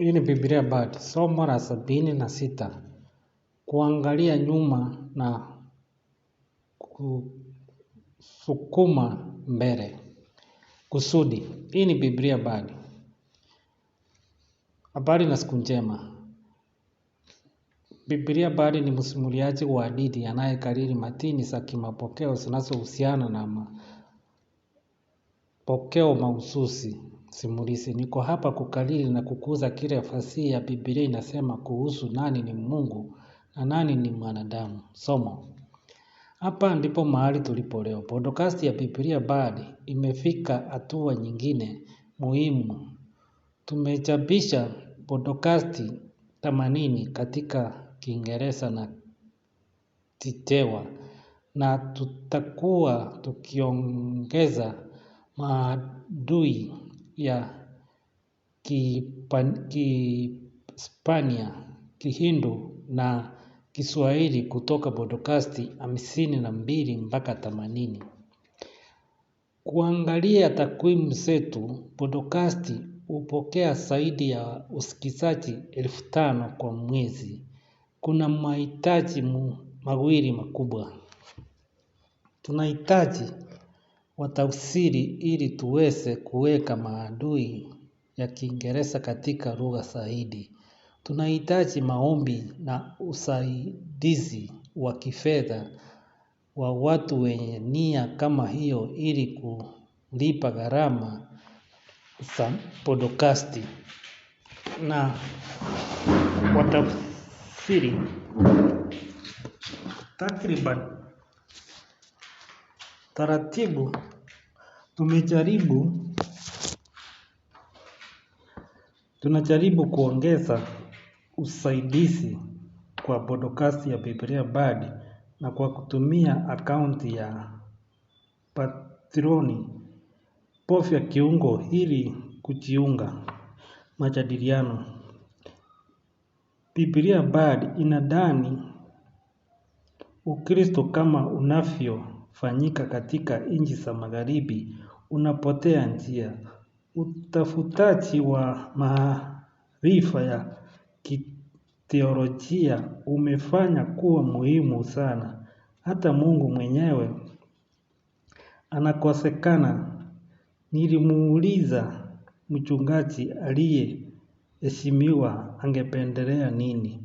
Hii ni Biblia bat somo la sabini na sita, kuangalia nyuma na kusukuma mbele. Kusudi. Hii ni Biblia Bard. Habari na siku njema. Biblia Bard ni msimuliaji wa didi anayekariri matini za kimapokeo zinazohusiana na mapokeo mahususi Simulizi, niko hapa kukalili na kukuza kile fasihi ya Biblia inasema kuhusu nani ni Mungu na nani ni mwanadamu. Somo. Hapa ndipo mahali tulipo leo. Podcast ya Biblia Bard imefika hatua nyingine muhimu. Tumechapisha podcast 80 katika Kiingereza na titewa na tutakuwa tukiongeza maadui ya Kihispania, Kihindu na Kiswahili kutoka podokasti hamsini na mbili mpaka themanini. Kuangalia takwimu zetu, podokasti hupokea zaidi ya usikizaji elfu tano kwa mwezi. Kuna mahitaji mawili makubwa. Tunahitaji watafsiri ili tuweze kuweka maadui ya Kiingereza katika lugha zaidi Tunahitaji maombi na usaidizi wa kifedha wa watu wenye nia kama hiyo ili kulipa gharama za podokasti na watafsiri takriban Taratibu tumejaribu tunajaribu kuongeza usaidizi kwa podcast ya Biblia Bard na kwa kutumia akaunti ya Patroni. Bofya kiungo ili kujiunga. Majadiliano. Biblia Bard inadani Ukristo kama unavyo unaofanyika katika nchi za magharibi unapotea njia. Utafutaji wa maarifa ya kitheolojia umefanya kuwa muhimu sana. Hata mungu mwenyewe anakosekana. Nilimuuliza mchungaji aliyeheshimiwa angependelea nini.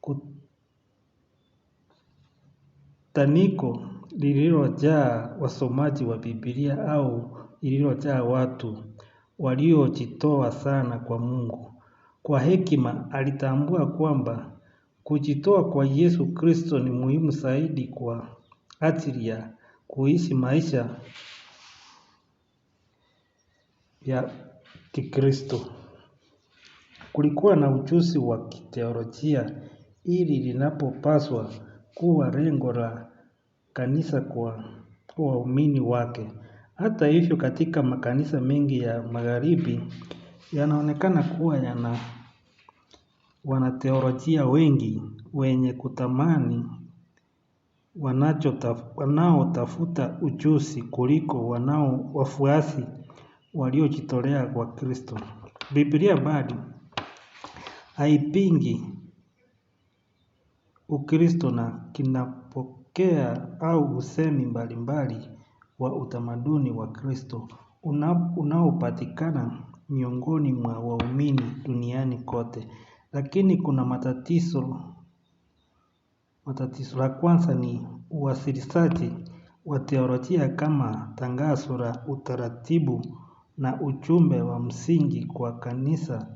Kutaniko lililojaa wasomaji wa Biblia au lililojaa watu waliojitoa sana kwa Mungu. Kwa hekima alitambua kwamba kujitoa kwa Yesu Kristo ni muhimu zaidi kwa ajili ya kuishi maisha ya Kikristo. Kulikuwa na ujuzi wa kiteolojia ili linapopaswa kuwa lengo la kanisa kwa waumini wake. Hata hivyo katika makanisa mengi ya magharibi yanaonekana kuwa yana wanateolojia wengi wenye kutamani wanaotafuta ujuzi kuliko wanao wafuasi waliojitolea kwa Kristo. Biblia bado haipingi Ukristo na kinapo kea au usemi mbalimbali wa utamaduni wa kristo unaopatikana miongoni mwa waumini duniani kote. Lakini kuna matatizo, matatizo la kwanza ni uwasilishaji wa teolojia kama tangazo la utaratibu na ujumbe wa msingi kwa kanisa.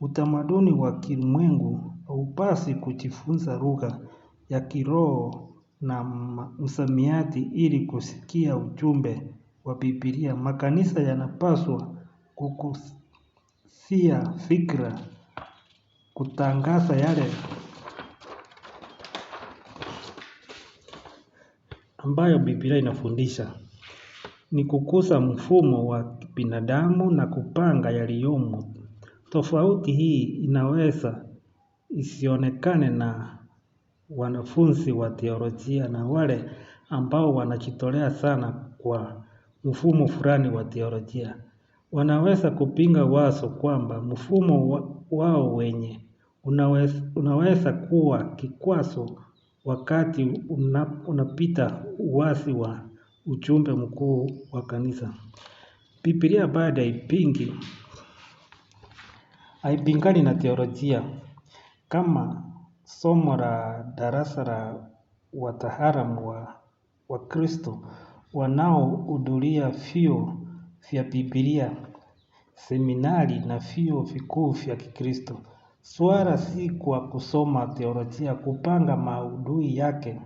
Utamaduni wa kilimwengu haupaswi kujifunza lugha ya kiroho na msamiati ili kusikia ujumbe wa Biblia. Makanisa yanapaswa kukusia fikra, kutangaza yale ambayo Biblia inafundisha. Ni kukuza mfumo wa binadamu na kupanga yaliyomo. Tofauti hii inaweza isionekane na wanafunzi wa teolojia na wale ambao wanajitolea sana kwa mfumo fulani wa teolojia. Wanaweza kupinga wazo kwamba mfumo wao wenye unaweza kuwa kikwazo wakati unapita uwazi wa ujumbe mkuu wa kanisa. Biblia bado haipingi, haipingani na teolojia kama Somo la darasa la wataalamu wa wakristo wanaohudhuria vyuo vya Biblia, seminari na vyuo vikuu vya Kikristo. swala si kwa kusoma teolojia, kupanga maudhui yake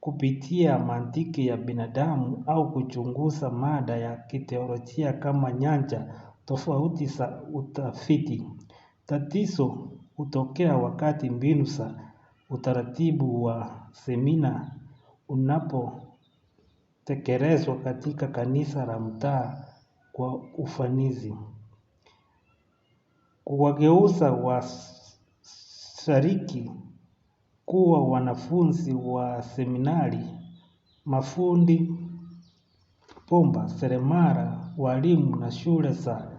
kupitia mantiki ya binadamu au kuchunguza mada ya kiteolojia kama nyanja tofauti za utafiti. Tatizo hutokea wakati mbinu za utaratibu wa semina unapotekelezwa katika kanisa la mtaa kwa ufanisi. Kuwageuza washiriki kuwa wanafunzi wa seminari, mafundi bomba, seremala, walimu na shule za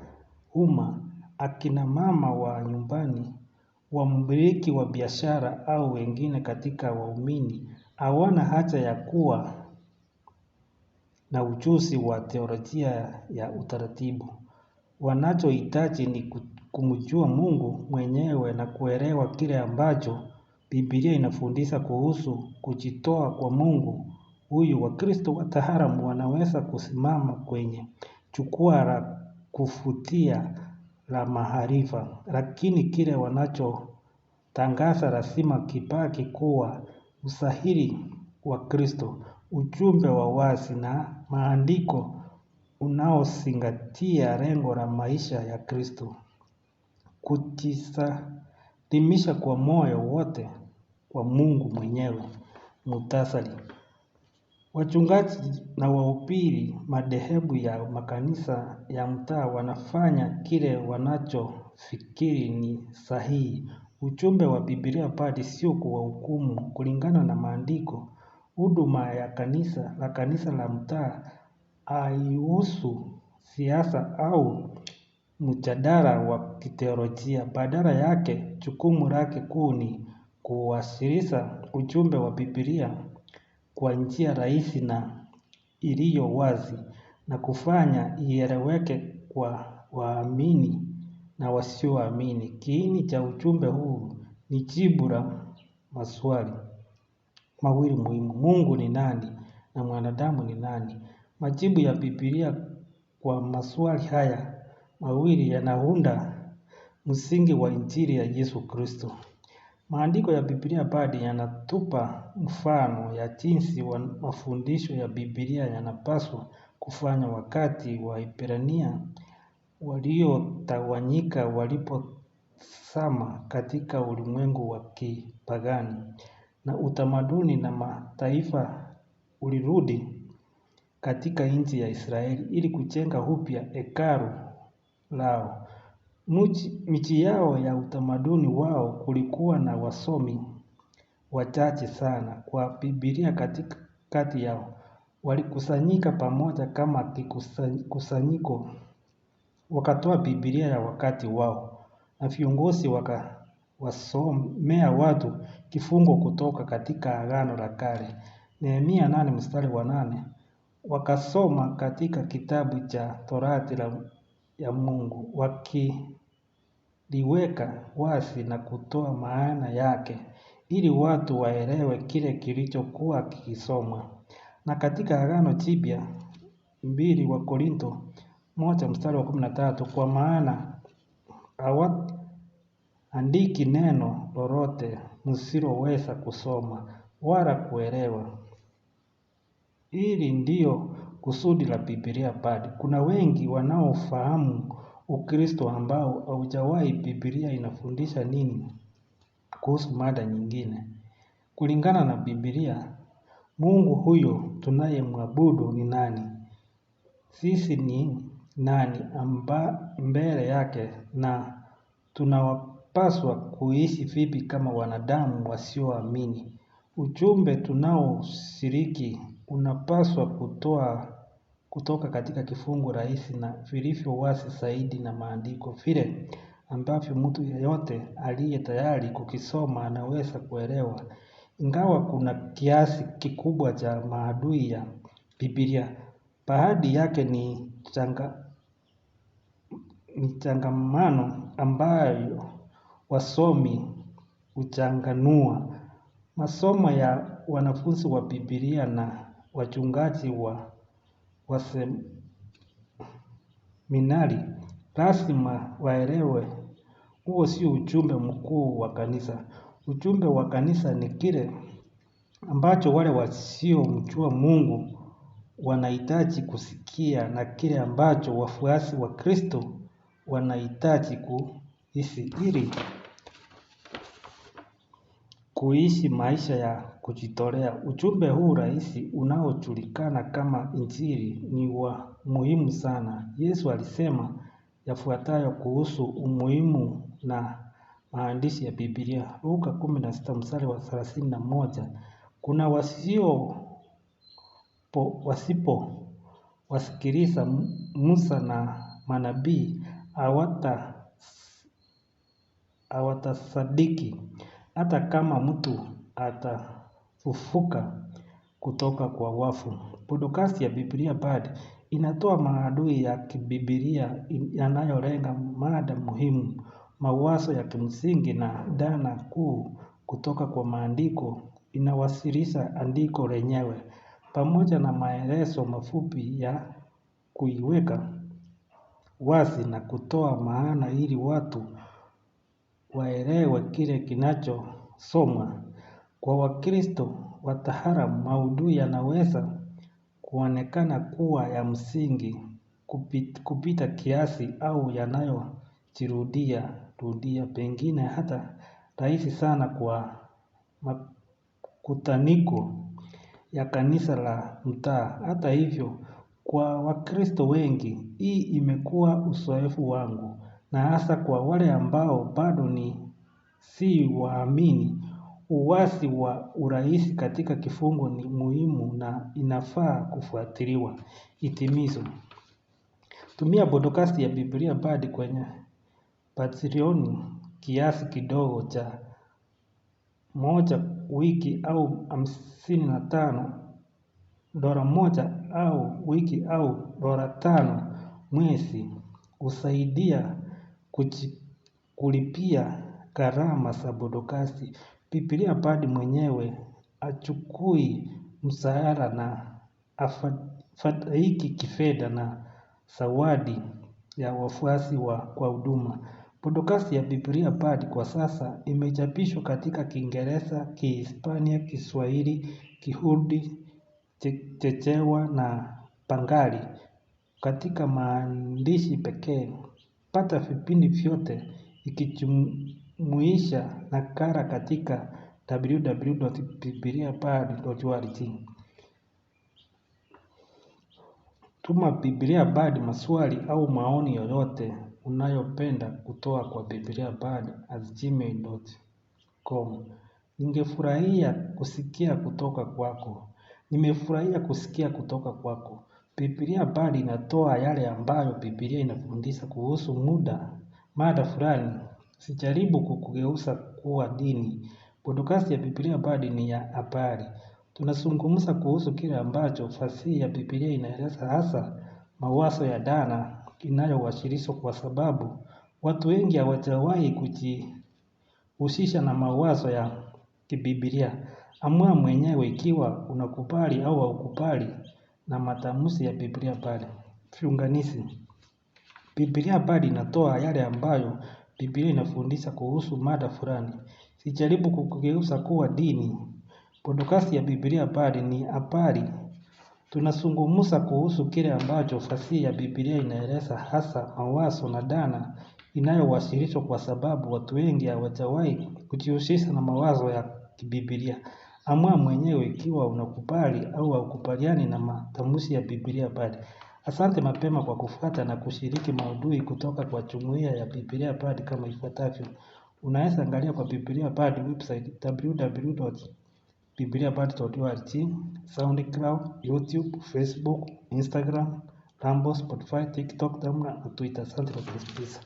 umma, akina mama wa nyumbani wamiliki wa biashara au wengine katika waumini hawana haja ya kuwa na ujuzi wa teolojia ya utaratibu. Wanachohitaji ni kumjua Mungu mwenyewe na kuelewa kile ambacho Biblia inafundisha kuhusu kujitoa kwa Mungu. Huyu Wakristo wataalamu wanaweza kusimama kwenye jukwaa la kuvutia la maarifa, lakini kile wanachotangaza lazima kibaki kuwa usahili wa Kristo, ujumbe wa wazi na maandiko unaozingatia lengo la maisha ya Kristo, kujisalimisha kwa moyo wote kwa Mungu mwenyewe. Muhtasari. Wachungaji na wahubiri madhehebu ya makanisa ya mtaa wanafanya kile wanachofikiri ni sahihi. Ujumbe wa Biblia bali sio kuwahukumu kulingana na maandiko. Huduma ya kanisa la kanisa la mtaa haihusu siasa au mjadala wa kiteolojia. Badala yake jukumu lake kuu ni kuwasilisha ujumbe wa Biblia kwa njia rahisi na iliyo wazi na kufanya ieleweke kwa waamini na wasioamini. Kiini cha ujumbe huu ni jibu la maswali mawili muhimu, Mungu ni nani na mwanadamu ni nani? Majibu ya Biblia kwa maswali haya mawili yanaunda msingi wa Injili ya Yesu Kristo. Maandiko ya Biblia bado yanatupa mfano ya jinsi mafundisho ya Biblia yanapaswa kufanywa wakati wa Waebrania waliotawanyika walipozama katika ulimwengu wa kipagani na utamaduni na mataifa ulirudi katika nchi ya Israeli ili kujenga upya hekalu lao miji yao ya utamaduni wao kulikuwa na wasomi wachache sana kwa Biblia kati yao. Walikusanyika pamoja kama kikusanyiko, wakatoa Biblia ya wakati wao, na viongozi wakawasomea watu kifungo kutoka katika Agano la Kale. Nehemia nane mstari wa nane wakasoma katika kitabu cha Torati ya Mungu waki liweka wazi na kutoa maana yake ili watu waelewe kile kilichokuwa kikisomwa. Na katika Agano Jipya mbili wa korinto moja mstari wa kumi na tatu kwa maana hawaandiki neno lolote msiloweza kusoma wala kuelewa. Hili ndiyo kusudi la Biblia bali kuna wengi wanaofahamu ukristo ambao haujawahi Biblia inafundisha nini kuhusu mada nyingine. Kulingana na Biblia, Mungu huyo tunayemwabudu ni nani? Sisi ni nani amba mbele yake na tunawapaswa kuishi vipi kama wanadamu wasioamini. Ujumbe tunaoshiriki unapaswa kutoa kutoka katika kifungu rahisi na vilivyo wazi zaidi na maandiko vile ambavyo mtu yeyote aliye tayari kukisoma anaweza kuelewa. Ingawa kuna kiasi kikubwa cha maadui ya Biblia, baadhi yake ni changamano ambayo wasomi huchanganua. Masomo ya wanafunzi wa Biblia na wachungaji wa waseminari lazima waelewe huo sio ujumbe mkuu wa kanisa. Ujumbe wa kanisa ni kile ambacho wale wasiomjua mungu wanahitaji kusikia na kile ambacho wafuasi wa kristo wanahitaji kuhisi ili kuishi maisha ya kujitolea. Ujumbe huu rahisi unaojulikana kama injili ni wa muhimu sana. Yesu alisema yafuatayo kuhusu umuhimu na maandishi ya Biblia. Luka kumi mstari wa kuna na moja. Kuna wasipowasikiliza Musa na manabii hawatasadiki. Hata kama mtu atafufuka kutoka kwa wafu. Podokasi ya Biblia Bard inatoa maadui ya kibibilia yanayolenga mada muhimu, mawazo ya kimsingi na dhana kuu kutoka kwa maandiko. Inawasilisha andiko lenyewe pamoja na maelezo mafupi ya kuiweka wazi na kutoa maana ili watu waelewe kile kinachosomwa. Kwa wakristo wataalamu maudhui yanaweza kuonekana kuwa ya msingi kupita kiasi au yanayojirudia rudia pengine hata rahisi sana kwa makutaniko ya kanisa la mtaa. Hata hivyo kwa wakristo wengi hii imekuwa uzoefu wangu na hasa kwa wale ambao bado ni si waamini uwasi wa urahisi katika kifungo ni muhimu na inafaa kufuatiliwa. itimizo Tumia podcast ya Biblia Badi kwenye Patreon kiasi kidogo cha moja wiki au hamsini na tano dola moja au wiki au dola tano mwezi husaidia kulipia gharama za podokasti. Bibilia Bard mwenyewe achukui msaara na afadhaiki kifedha na zawadi ya wafuasi kwa huduma. Podokasti ya Bibilia Bard kwa sasa imechapishwa katika Kiingereza, Kihispania, Kiswahili, Kihindi, Chechewa na Pangali katika maandishi pekee pata vipindi vyote ikijumuisha nakala katika www.bibiliabard.org. Tuma Biblia Bard maswali au maoni yoyote unayopenda kutoa kwa gmail.com. Ningefurahia kusikia kutoka kwako. Nimefurahia kusikia kutoka kwako. Biblia bali inatoa yale ambayo Biblia inafundisha kuhusu muda, mada fulani, sijaribu kukugeuza kuwa dini. Podcast ya Biblia bali ni ya habari. Tunazungumza kuhusu kile ambacho fasihi ya Biblia inaeleza hasa mawazo ya dana inayowasilishwa kwa sababu watu wengi hawajawahi kujihusisha na mawazo ya kibiblia. Amua mwenyewe ikiwa unakubali au haukubali na matamushi ya Biblia pale. Viunganishi. Biblia pale inatoa yale ambayo Biblia inafundisha kuhusu mada fulani. Sijaribu kukugeuza kuwa dini. Podcast ya Biblia pale ni apari. Tunazungumza kuhusu kile ambacho fasihi ya Biblia inaeleza hasa mawazo na dana inayowasilishwa kwa sababu watu wengi hawajawahi kujihusisha na mawazo ya kibiblia. Amua mwenyewe ikiwa unakubali au haukubaliani na matamshi ya Biblia Bard. Asante mapema kwa kufuata na kushiriki maudhui kutoka kwa jumuiya ya Biblia Bard kama ifuatavyo. Unaweza angalia kwa Biblia Bard website www.bibliabard.org, SoundCloud, YouTube, Facebook, Instagram, Rumble, Spotify, TikTok, Tumblr na Twitter. Asante kwa kusikiliza.